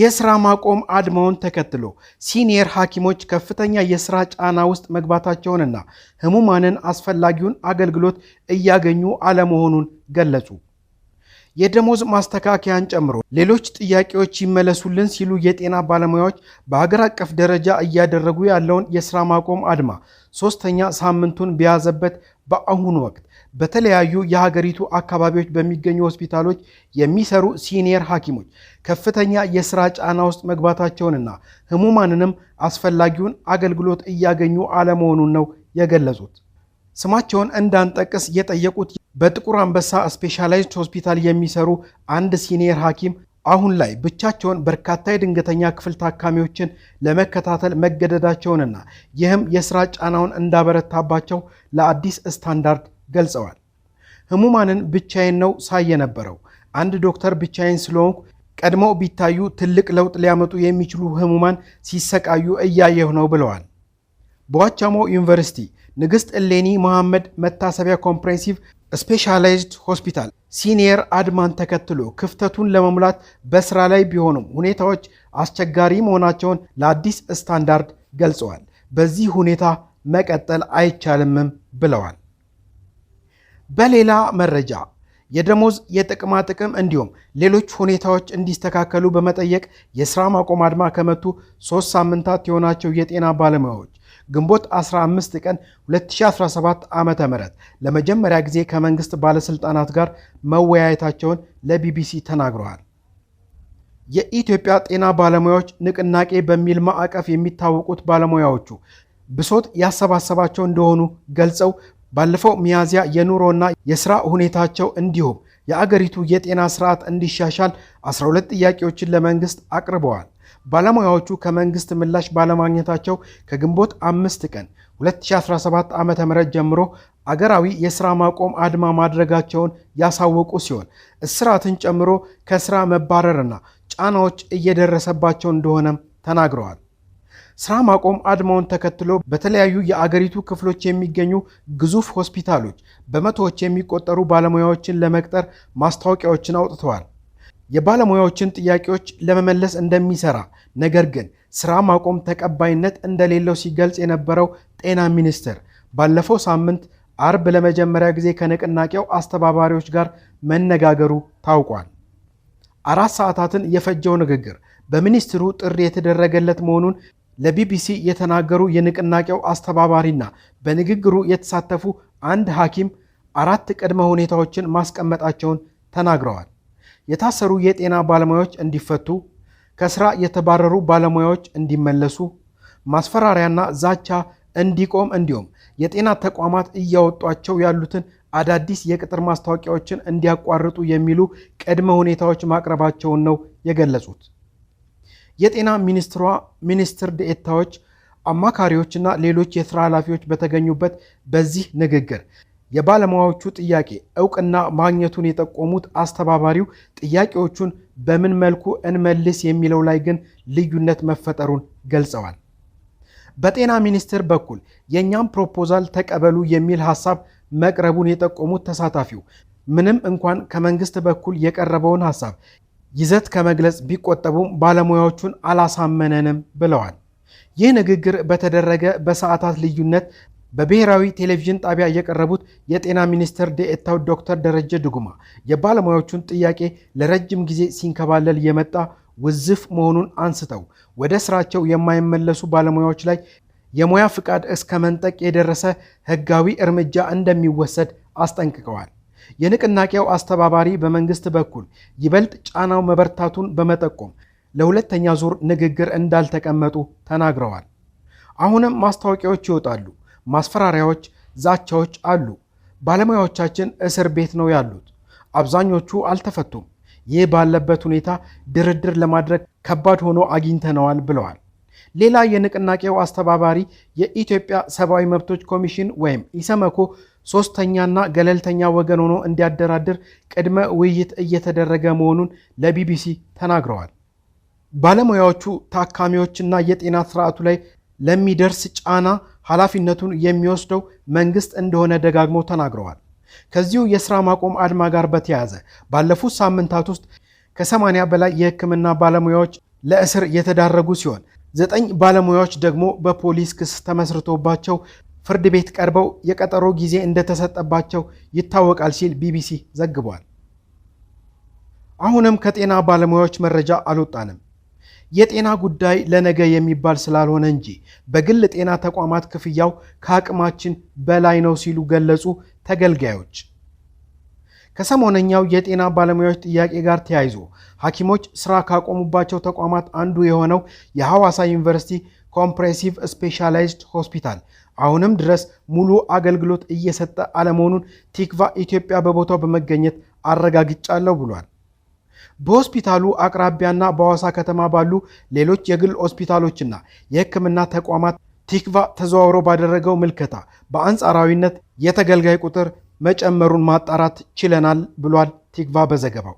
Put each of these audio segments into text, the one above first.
የስራ ማቆም አድማውን ተከትሎ ሲኒየር ሐኪሞች ከፍተኛ የስራ ጫና ውስጥ መግባታቸውንና ህሙማንን አስፈላጊውን አገልግሎት እያገኙ አለመሆኑን ገለጹ። የደሞዝ ማስተካከያን ጨምሮ ሌሎች ጥያቄዎች ይመለሱልን ሲሉ የጤና ባለሙያዎች በሀገር አቀፍ ደረጃ እያደረጉ ያለውን የስራ ማቆም አድማ ሶስተኛ ሳምንቱን በያዘበት በአሁኑ ወቅት በተለያዩ የሀገሪቱ አካባቢዎች በሚገኙ ሆስፒታሎች የሚሰሩ ሲኒየር ሐኪሞች ከፍተኛ የስራ ጫና ውስጥ መግባታቸውንና ህሙማንንም አስፈላጊውን አገልግሎት እያገኙ አለመሆኑን ነው የገለጹት። ስማቸውን እንዳንጠቅስ የጠየቁት በጥቁር አንበሳ ስፔሻላይዝድ ሆስፒታል የሚሰሩ አንድ ሲኒየር ሐኪም አሁን ላይ ብቻቸውን በርካታ የድንገተኛ ክፍል ታካሚዎችን ለመከታተል መገደዳቸውንና ይህም የስራ ጫናውን እንዳበረታባቸው ለአዲስ ስታንዳርድ ገልጸዋል። ህሙማንን ብቻዬን ነው ሳይ የነበረው። አንድ ዶክተር ብቻዬን ስለሆንኩ ቀድሞ ቢታዩ ትልቅ ለውጥ ሊያመጡ የሚችሉ ህሙማን ሲሰቃዩ እያየሁ ነው ብለዋል። በዋቻሞ ዩኒቨርሲቲ ንግሥት እሌኒ መሐመድ መታሰቢያ ኮምፕሬንሲቭ ስፔሻላይዝድ ሆስፒታል ሲኒየር አድማን ተከትሎ ክፍተቱን ለመሙላት በስራ ላይ ቢሆኑም ሁኔታዎች አስቸጋሪ መሆናቸውን ለአዲስ ስታንዳርድ ገልጸዋል። በዚህ ሁኔታ መቀጠል አይቻልምም ብለዋል። በሌላ መረጃ የደሞዝ የጥቅማ ጥቅም እንዲሁም ሌሎች ሁኔታዎች እንዲስተካከሉ በመጠየቅ የስራ ማቆም አድማ ከመቱ ሶስት ሳምንታት የሆናቸው የጤና ባለሙያዎች ግንቦት 15 ቀን 2017 ዓ ም ለመጀመሪያ ጊዜ ከመንግስት ባለሥልጣናት ጋር መወያየታቸውን ለቢቢሲ ተናግረዋል። የኢትዮጵያ ጤና ባለሙያዎች ንቅናቄ በሚል ማዕቀፍ የሚታወቁት ባለሙያዎቹ ብሶት ያሰባሰባቸው እንደሆኑ ገልጸው ባለፈው ሚያዝያ የኑሮና የስራ ሁኔታቸው እንዲሁም የአገሪቱ የጤና ስርዓት እንዲሻሻል 12 ጥያቄዎችን ለመንግስት አቅርበዋል። ባለሙያዎቹ ከመንግስት ምላሽ ባለማግኘታቸው ከግንቦት አምስት ቀን 2017 ዓ ም ጀምሮ አገራዊ የሥራ ማቆም አድማ ማድረጋቸውን ያሳወቁ ሲሆን እስራትን ጨምሮ ከሥራ መባረርና ጫናዎች እየደረሰባቸው እንደሆነም ተናግረዋል። ስራ ማቆም አድማውን ተከትሎ በተለያዩ የአገሪቱ ክፍሎች የሚገኙ ግዙፍ ሆስፒታሎች በመቶዎች የሚቆጠሩ ባለሙያዎችን ለመቅጠር ማስታወቂያዎችን አውጥተዋል። የባለሙያዎችን ጥያቄዎች ለመመለስ እንደሚሰራ ነገር ግን ስራ ማቆም ተቀባይነት እንደሌለው ሲገልጽ የነበረው ጤና ሚኒስቴር ባለፈው ሳምንት አርብ ለመጀመሪያ ጊዜ ከንቅናቄው አስተባባሪዎች ጋር መነጋገሩ ታውቋል። አራት ሰዓታትን የፈጀው ንግግር በሚኒስትሩ ጥሪ የተደረገለት መሆኑን ለቢቢሲ የተናገሩ የንቅናቄው አስተባባሪና በንግግሩ የተሳተፉ አንድ ሐኪም አራት ቅድመ ሁኔታዎችን ማስቀመጣቸውን ተናግረዋል። የታሰሩ የጤና ባለሙያዎች እንዲፈቱ፣ ከስራ የተባረሩ ባለሙያዎች እንዲመለሱ፣ ማስፈራሪያና ዛቻ እንዲቆም እንዲሁም የጤና ተቋማት እያወጧቸው ያሉትን አዳዲስ የቅጥር ማስታወቂያዎችን እንዲያቋርጡ የሚሉ ቅድመ ሁኔታዎች ማቅረባቸውን ነው የገለጹት። የጤና ሚኒስትሯ ሚኒስትር ዴኤታዎች፣ አማካሪዎችና ሌሎች የስራ ኃላፊዎች በተገኙበት በዚህ ንግግር የባለሙያዎቹ ጥያቄ እውቅና ማግኘቱን የጠቆሙት አስተባባሪው ጥያቄዎቹን በምን መልኩ እንመልስ የሚለው ላይ ግን ልዩነት መፈጠሩን ገልጸዋል። በጤና ሚኒስቴር በኩል የእኛም ፕሮፖዛል ተቀበሉ የሚል ሀሳብ መቅረቡን የጠቆሙት ተሳታፊው ምንም እንኳን ከመንግስት በኩል የቀረበውን ሀሳብ ይዘት ከመግለጽ ቢቆጠቡም ባለሙያዎቹን አላሳመነንም ብለዋል። ይህ ንግግር በተደረገ በሰዓታት ልዩነት በብሔራዊ ቴሌቪዥን ጣቢያ የቀረቡት የጤና ሚኒስትር ዴኤታው ዶክተር ደረጀ ድጉማ የባለሙያዎቹን ጥያቄ ለረጅም ጊዜ ሲንከባለል የመጣ ውዝፍ መሆኑን አንስተው ወደ ስራቸው የማይመለሱ ባለሙያዎች ላይ የሙያ ፍቃድ እስከ መንጠቅ የደረሰ ሕጋዊ እርምጃ እንደሚወሰድ አስጠንቅቀዋል። የንቅናቄው አስተባባሪ በመንግስት በኩል ይበልጥ ጫናው መበርታቱን በመጠቆም ለሁለተኛ ዙር ንግግር እንዳልተቀመጡ ተናግረዋል። አሁንም ማስታወቂያዎች ይወጣሉ፣ ማስፈራሪያዎች፣ ዛቻዎች አሉ። ባለሙያዎቻችን እስር ቤት ነው ያሉት፣ አብዛኞቹ አልተፈቱም። ይህ ባለበት ሁኔታ ድርድር ለማድረግ ከባድ ሆኖ አግኝተነዋል ብለዋል። ሌላ የንቅናቄው አስተባባሪ የኢትዮጵያ ሰብአዊ መብቶች ኮሚሽን ወይም ኢሰመኮ ሶስተኛና ገለልተኛ ወገን ሆኖ እንዲያደራድር ቅድመ ውይይት እየተደረገ መሆኑን ለቢቢሲ ተናግረዋል። ባለሙያዎቹ ታካሚዎችና የጤና ስርዓቱ ላይ ለሚደርስ ጫና ኃላፊነቱን የሚወስደው መንግስት እንደሆነ ደጋግመው ተናግረዋል። ከዚሁ የሥራ ማቆም አድማ ጋር በተያያዘ ባለፉት ሳምንታት ውስጥ ከ80 በላይ የሕክምና ባለሙያዎች ለእስር የተዳረጉ ሲሆን ዘጠኝ ባለሙያዎች ደግሞ በፖሊስ ክስ ተመስርቶባቸው ፍርድ ቤት ቀርበው የቀጠሮ ጊዜ እንደተሰጠባቸው ይታወቃል ሲል ቢቢሲ ዘግቧል። አሁንም ከጤና ባለሙያዎች መረጃ አልወጣንም። የጤና ጉዳይ ለነገ የሚባል ስላልሆነ እንጂ በግል ጤና ተቋማት ክፍያው ከአቅማችን በላይ ነው ሲሉ ገለጹ ተገልጋዮች። ከሰሞነኛው የጤና ባለሙያዎች ጥያቄ ጋር ተያይዞ ሐኪሞች ስራ ካቆሙባቸው ተቋማት አንዱ የሆነው የሐዋሳ ዩኒቨርሲቲ ኮምፕሬሲቭ ስፔሻላይዝድ ሆስፒታል አሁንም ድረስ ሙሉ አገልግሎት እየሰጠ አለመሆኑን ቲክቫ ኢትዮጵያ በቦታው በመገኘት አረጋግጫለሁ ብሏል። በሆስፒታሉ አቅራቢያና በሐዋሳ ከተማ ባሉ ሌሎች የግል ሆስፒታሎችና የሕክምና ተቋማት ቲክቫ ተዘዋውሮ ባደረገው ምልከታ በአንጻራዊነት የተገልጋይ ቁጥር መጨመሩን ማጣራት ችለናል ብሏል ቲክቫ በዘገባው።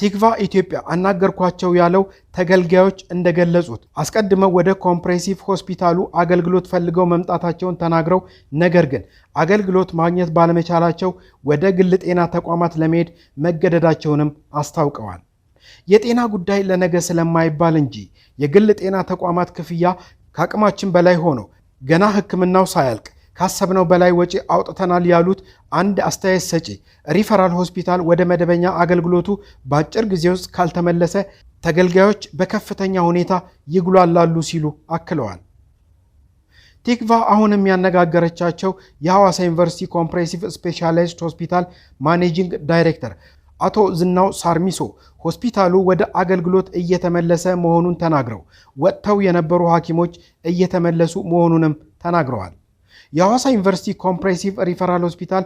ቲክቫ ኢትዮጵያ አናገርኳቸው ያለው ተገልጋዮች እንደገለጹት አስቀድመው ወደ ኮምፕሬሲቭ ሆስፒታሉ አገልግሎት ፈልገው መምጣታቸውን ተናግረው ነገር ግን አገልግሎት ማግኘት ባለመቻላቸው ወደ ግል ጤና ተቋማት ለመሄድ መገደዳቸውንም አስታውቀዋል። የጤና ጉዳይ ለነገ ስለማይባል እንጂ የግል ጤና ተቋማት ክፍያ ከአቅማችን በላይ ሆኖ ገና ሕክምናው ሳያልቅ ካሰብነው በላይ ወጪ አውጥተናል ያሉት አንድ አስተያየት ሰጪ ሪፈራል ሆስፒታል ወደ መደበኛ አገልግሎቱ በአጭር ጊዜ ውስጥ ካልተመለሰ ተገልጋዮች በከፍተኛ ሁኔታ ይጉላላሉ ሲሉ አክለዋል። ቲክቫ አሁንም ያነጋገረቻቸው የሐዋሳ ዩኒቨርሲቲ ኮምፕሬሲቭ ስፔሻላይዝድ ሆስፒታል ማኔጂንግ ዳይሬክተር አቶ ዝናው ሳርሚሶ ሆስፒታሉ ወደ አገልግሎት እየተመለሰ መሆኑን ተናግረው ወጥተው የነበሩ ሐኪሞች እየተመለሱ መሆኑንም ተናግረዋል። የሐዋሳ ዩኒቨርሲቲ ኮምፕሬሲቭ ሪፈራል ሆስፒታል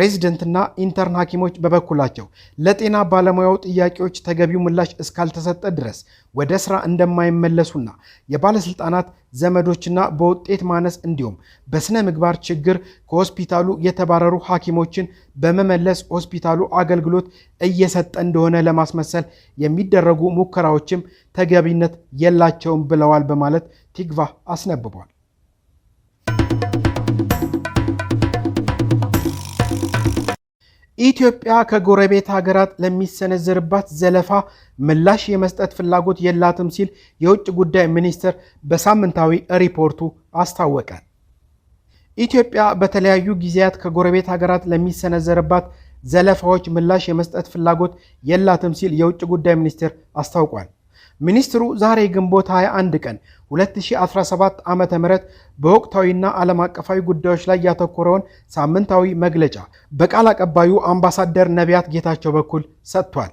ሬዚደንትና ኢንተርን ሐኪሞች በበኩላቸው ለጤና ባለሙያው ጥያቄዎች ተገቢው ምላሽ እስካልተሰጠ ድረስ ወደ ስራ እንደማይመለሱና የባለስልጣናት ዘመዶችና በውጤት ማነስ እንዲሁም በስነ ምግባር ችግር ከሆስፒታሉ የተባረሩ ሐኪሞችን በመመለስ ሆስፒታሉ አገልግሎት እየሰጠ እንደሆነ ለማስመሰል የሚደረጉ ሙከራዎችም ተገቢነት የላቸውም ብለዋል በማለት ቲግቫ አስነብቧል። ኢትዮጵያ ከጎረቤት ሀገራት ለሚሰነዘርባት ዘለፋ ምላሽ የመስጠት ፍላጎት የላትም ሲል የውጭ ጉዳይ ሚኒስትር በሳምንታዊ ሪፖርቱ አስታወቀ። ኢትዮጵያ በተለያዩ ጊዜያት ከጎረቤት ሀገራት ለሚሰነዘርባት ዘለፋዎች ምላሽ የመስጠት ፍላጎት የላትም ሲል የውጭ ጉዳይ ሚኒስትር አስታውቋል። ሚኒስትሩ ዛሬ ግንቦት 21 ቀን 2017 ዓ ም በወቅታዊና ዓለም አቀፋዊ ጉዳዮች ላይ ያተኮረውን ሳምንታዊ መግለጫ በቃል አቀባዩ አምባሳደር ነቢያት ጌታቸው በኩል ሰጥቷል።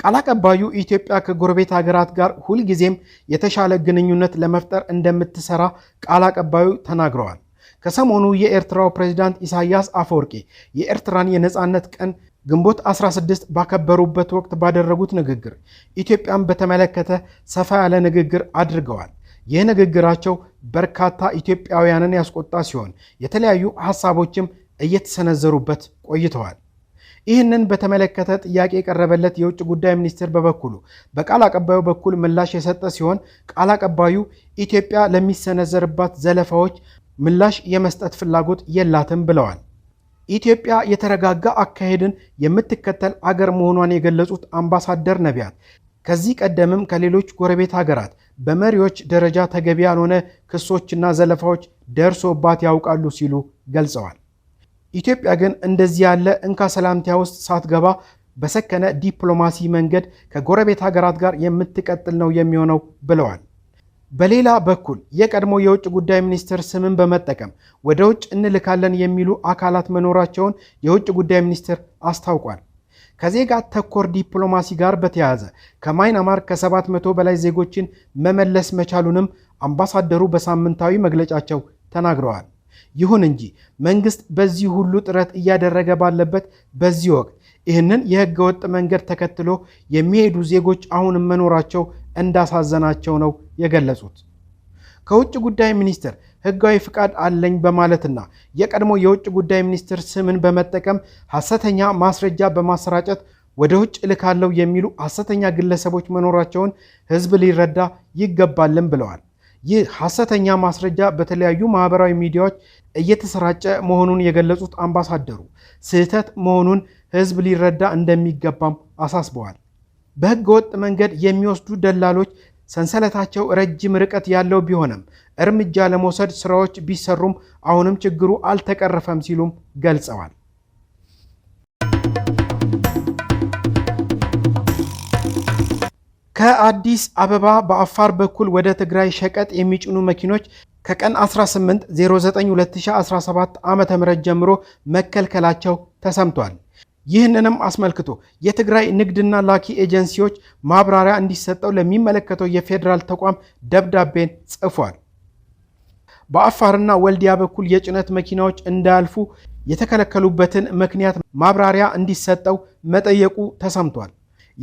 ቃል አቀባዩ ኢትዮጵያ ከጎረቤት ሀገራት ጋር ሁልጊዜም የተሻለ ግንኙነት ለመፍጠር እንደምትሰራ ቃል አቀባዩ ተናግረዋል። ከሰሞኑ የኤርትራው ፕሬዚዳንት ኢሳያስ አፈወርቂ የኤርትራን የነፃነት ቀን ግንቦት 16 ባከበሩበት ወቅት ባደረጉት ንግግር ኢትዮጵያን በተመለከተ ሰፋ ያለ ንግግር አድርገዋል። ይህ ንግግራቸው በርካታ ኢትዮጵያውያንን ያስቆጣ ሲሆን የተለያዩ ሀሳቦችም እየተሰነዘሩበት ቆይተዋል። ይህንን በተመለከተ ጥያቄ የቀረበለት የውጭ ጉዳይ ሚኒስቴር በበኩሉ በቃል አቀባዩ በኩል ምላሽ የሰጠ ሲሆን ቃል አቀባዩ ኢትዮጵያ ለሚሰነዘርባት ዘለፋዎች ምላሽ የመስጠት ፍላጎት የላትም ብለዋል። ኢትዮጵያ የተረጋጋ አካሄድን የምትከተል አገር መሆኗን የገለጹት አምባሳደር ነቢያት ከዚህ ቀደምም ከሌሎች ጎረቤት ሀገራት በመሪዎች ደረጃ ተገቢ ያልሆነ ክሶችና ዘለፋዎች ደርሶባት ያውቃሉ ሲሉ ገልጸዋል። ኢትዮጵያ ግን እንደዚህ ያለ እንካ ሰላምቲያ ውስጥ ሳትገባ በሰከነ ዲፕሎማሲ መንገድ ከጎረቤት ሀገራት ጋር የምትቀጥል ነው የሚሆነው ብለዋል። በሌላ በኩል የቀድሞ የውጭ ጉዳይ ሚኒስትር ስምን በመጠቀም ወደ ውጭ እንልካለን የሚሉ አካላት መኖራቸውን የውጭ ጉዳይ ሚኒስትር አስታውቋል። ከዜጋ ተኮር ዲፕሎማሲ ጋር በተያያዘ ከማይናማር ከ700 በላይ ዜጎችን መመለስ መቻሉንም አምባሳደሩ በሳምንታዊ መግለጫቸው ተናግረዋል። ይሁን እንጂ መንግስት በዚህ ሁሉ ጥረት እያደረገ ባለበት በዚህ ወቅት ይህንን የህገ ወጥ መንገድ ተከትሎ የሚሄዱ ዜጎች አሁንም መኖራቸው እንዳሳዘናቸው ነው የገለጹት። ከውጭ ጉዳይ ሚኒስቴር ህጋዊ ፍቃድ አለኝ በማለትና የቀድሞ የውጭ ጉዳይ ሚኒስትር ስምን በመጠቀም ሐሰተኛ ማስረጃ በማሰራጨት ወደ ውጭ እልካለሁ የሚሉ ሐሰተኛ ግለሰቦች መኖራቸውን ህዝብ ሊረዳ ይገባልን ብለዋል። ይህ ሐሰተኛ ማስረጃ በተለያዩ ማህበራዊ ሚዲያዎች እየተሰራጨ መሆኑን የገለጹት አምባሳደሩ ስህተት መሆኑን ህዝብ ሊረዳ እንደሚገባም አሳስበዋል። በህገ ወጥ መንገድ የሚወስዱ ደላሎች ሰንሰለታቸው ረጅም ርቀት ያለው ቢሆንም እርምጃ ለመውሰድ ስራዎች ቢሰሩም አሁንም ችግሩ አልተቀረፈም ሲሉም ገልጸዋል። ከአዲስ አበባ በአፋር በኩል ወደ ትግራይ ሸቀጥ የሚጭኑ መኪኖች ከቀን 18/09/2017 ዓ.ም ጀምሮ መከልከላቸው ተሰምቷል። ይህንንም አስመልክቶ የትግራይ ንግድና ላኪ ኤጀንሲዎች ማብራሪያ እንዲሰጠው ለሚመለከተው የፌዴራል ተቋም ደብዳቤን ጽፏል። በአፋርና ወልዲያ በኩል የጭነት መኪናዎች እንዳያልፉ የተከለከሉበትን ምክንያት ማብራሪያ እንዲሰጠው መጠየቁ ተሰምቷል።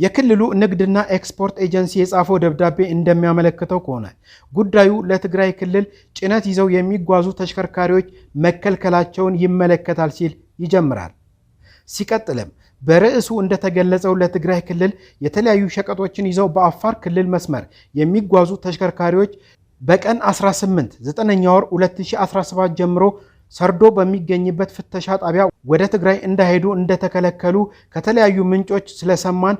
የክልሉ ንግድና ኤክስፖርት ኤጀንሲ የጻፈው ደብዳቤ እንደሚያመለክተው ከሆነ ጉዳዩ ለትግራይ ክልል ጭነት ይዘው የሚጓዙ ተሽከርካሪዎች መከልከላቸውን ይመለከታል ሲል ይጀምራል። ሲቀጥልም በርዕሱ እንደተገለጸው ለትግራይ ክልል የተለያዩ ሸቀጦችን ይዘው በአፋር ክልል መስመር የሚጓዙ ተሽከርካሪዎች በቀን 18 ወር 2017 ጀምሮ ሰርዶ በሚገኝበት ፍተሻ ጣቢያ ወደ ትግራይ እንዳይሄዱ እንደተከለከሉ ከተለያዩ ምንጮች ስለሰማን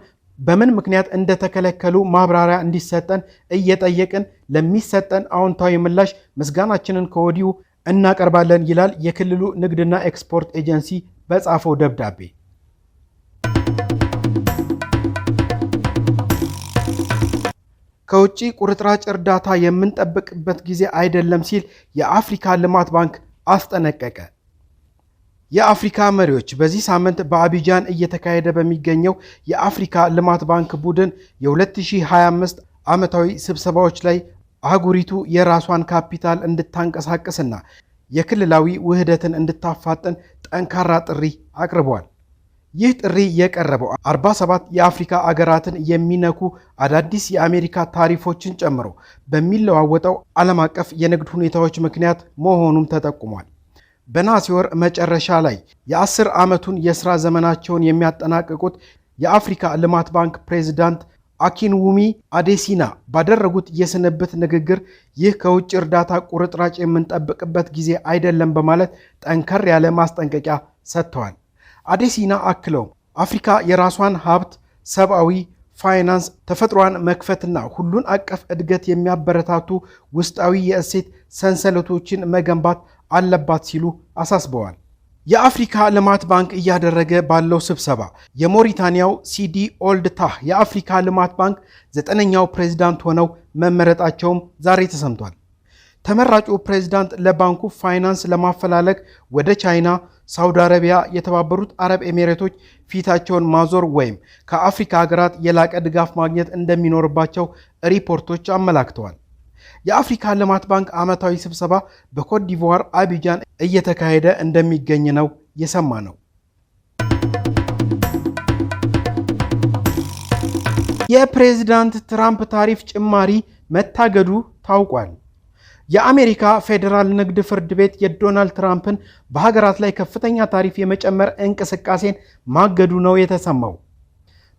በምን ምክንያት እንደተከለከሉ ማብራሪያ እንዲሰጠን እየጠየቅን ለሚሰጠን አዎንታዊ ምላሽ ምስጋናችንን ከወዲሁ እናቀርባለን ይላል የክልሉ ንግድና ኤክስፖርት ኤጀንሲ በጻፈው ደብዳቤ። ከውጭ ቁርጥራጭ እርዳታ የምንጠብቅበት ጊዜ አይደለም ሲል የአፍሪካ ልማት ባንክ አስጠነቀቀ። የአፍሪካ መሪዎች በዚህ ሳምንት በአቢጃን እየተካሄደ በሚገኘው የአፍሪካ ልማት ባንክ ቡድን የ2025 ዓመታዊ ስብሰባዎች ላይ አህጉሪቱ የራሷን ካፒታል እንድታንቀሳቅስና የክልላዊ ውህደትን እንድታፋጥን ጠንካራ ጥሪ አቅርበዋል። ይህ ጥሪ የቀረበው 47 የአፍሪካ አገራትን የሚነኩ አዳዲስ የአሜሪካ ታሪፎችን ጨምሮ በሚለዋወጠው ዓለም አቀፍ የንግድ ሁኔታዎች ምክንያት መሆኑም ተጠቁሟል። በነሐሴ ወር መጨረሻ ላይ የአስር ዓመቱን የሥራ ዘመናቸውን የሚያጠናቅቁት የአፍሪካ ልማት ባንክ ፕሬዚዳንት አኪንውሚ አዴሲና ባደረጉት የስንብት ንግግር ይህ ከውጭ እርዳታ ቁርጥራጭ የምንጠብቅበት ጊዜ አይደለም በማለት ጠንከር ያለ ማስጠንቀቂያ ሰጥተዋል። አዴሲና አክለው አፍሪካ የራሷን ሀብት፣ ሰብአዊ ፋይናንስ፣ ተፈጥሯን መክፈትና ሁሉን አቀፍ እድገት የሚያበረታቱ ውስጣዊ የእሴት ሰንሰለቶችን መገንባት አለባት ሲሉ አሳስበዋል። የአፍሪካ ልማት ባንክ እያደረገ ባለው ስብሰባ የሞሪታኒያው ሲዲ ኦልድ ታህ የአፍሪካ ልማት ባንክ ዘጠነኛው ፕሬዚዳንት ሆነው መመረጣቸውም ዛሬ ተሰምቷል። ተመራጩ ፕሬዚዳንት ለባንኩ ፋይናንስ ለማፈላለግ ወደ ቻይና፣ ሳውዲ አረቢያ፣ የተባበሩት አረብ ኤሚሬቶች ፊታቸውን ማዞር ወይም ከአፍሪካ ሀገራት የላቀ ድጋፍ ማግኘት እንደሚኖርባቸው ሪፖርቶች አመላክተዋል። የአፍሪካ ልማት ባንክ ዓመታዊ ስብሰባ በኮት አቢጃን እየተካሄደ እንደሚገኝ ነው የሰማ ነው። የፕሬዝዳንት ትራምፕ ታሪፍ ጭማሪ መታገዱ ታውቋል። የአሜሪካ ፌዴራል ንግድ ፍርድ ቤት የዶናልድ ትራምፕን በሀገራት ላይ ከፍተኛ ታሪፍ የመጨመር እንቅስቃሴን ማገዱ ነው የተሰማው።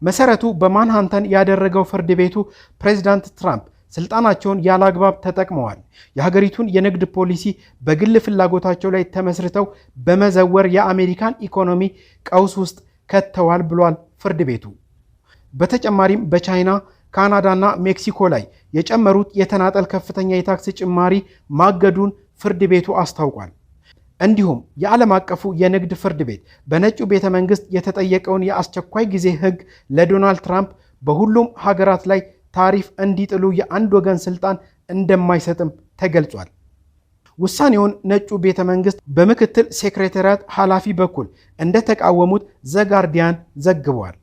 መሰረቱ በማንሃንተን ያደረገው ፍርድ ቤቱ ፕሬዝዳንት ትራምፕ ስልጣናቸውን ያላግባብ ተጠቅመዋል። የሀገሪቱን የንግድ ፖሊሲ በግል ፍላጎታቸው ላይ ተመስርተው በመዘወር የአሜሪካን ኢኮኖሚ ቀውስ ውስጥ ከተዋል ብሏል ፍርድ ቤቱ። በተጨማሪም በቻይና ካናዳና ሜክሲኮ ላይ የጨመሩት የተናጠል ከፍተኛ የታክስ ጭማሪ ማገዱን ፍርድ ቤቱ አስታውቋል። እንዲሁም የዓለም አቀፉ የንግድ ፍርድ ቤት በነጩ ቤተ መንግስት የተጠየቀውን የአስቸኳይ ጊዜ ሕግ ለዶናልድ ትራምፕ በሁሉም ሀገራት ላይ ታሪፍ እንዲጥሉ የአንድ ወገን ስልጣን እንደማይሰጥም ተገልጿል። ውሳኔውን ነጩ ቤተ መንግስት በምክትል ሴክሬታሪያት ኃላፊ በኩል እንደተቃወሙት ዘጋርዲያን ዘግቧል።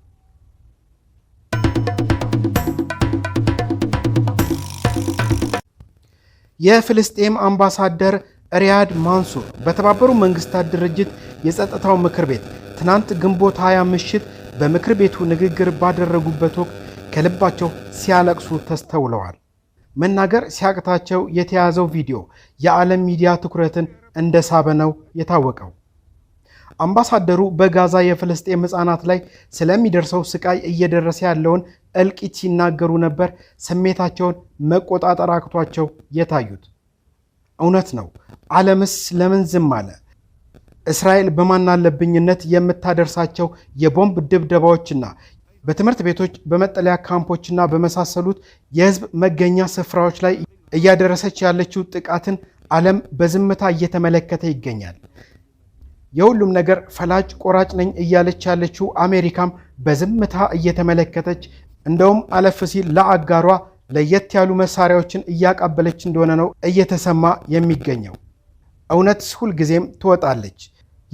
የፍልስጤም አምባሳደር ሪያድ ማንሱር በተባበሩት መንግስታት ድርጅት የጸጥታው ምክር ቤት ትናንት ግንቦት 20 ምሽት በምክር ቤቱ ንግግር ባደረጉበት ወቅት ከልባቸው ሲያለቅሱ ተስተውለዋል። መናገር ሲያቅታቸው የተያዘው ቪዲዮ የዓለም ሚዲያ ትኩረትን እንደሳበ ነው የታወቀው። አምባሳደሩ በጋዛ የፍልስጤም ሕፃናት ላይ ስለሚደርሰው ስቃይ እየደረሰ ያለውን እልቂት ሲናገሩ ነበር ስሜታቸውን መቆጣጠር አቅቷቸው የታዩት። እውነት ነው። ዓለምስ ለምን ዝም አለ? እስራኤል በማናለብኝነት የምታደርሳቸው የቦምብ ድብደባዎችና በትምህርት ቤቶች፣ በመጠለያ ካምፖችና በመሳሰሉት የህዝብ መገኛ ስፍራዎች ላይ እያደረሰች ያለችው ጥቃትን ዓለም በዝምታ እየተመለከተ ይገኛል። የሁሉም ነገር ፈላጭ ቆራጭ ነኝ እያለች ያለችው አሜሪካም በዝምታ እየተመለከተች እንደውም አለፍ ሲል ለአጋሯ ለየት ያሉ መሳሪያዎችን እያቃበለች እንደሆነ ነው እየተሰማ የሚገኘው። እውነት ሁልጊዜም ትወጣለች።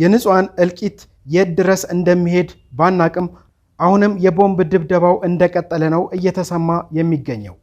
የንጹሐን እልቂት የት ድረስ እንደሚሄድ ባናቅም አሁንም የቦምብ ድብደባው እንደቀጠለ ነው እየተሰማ የሚገኘው።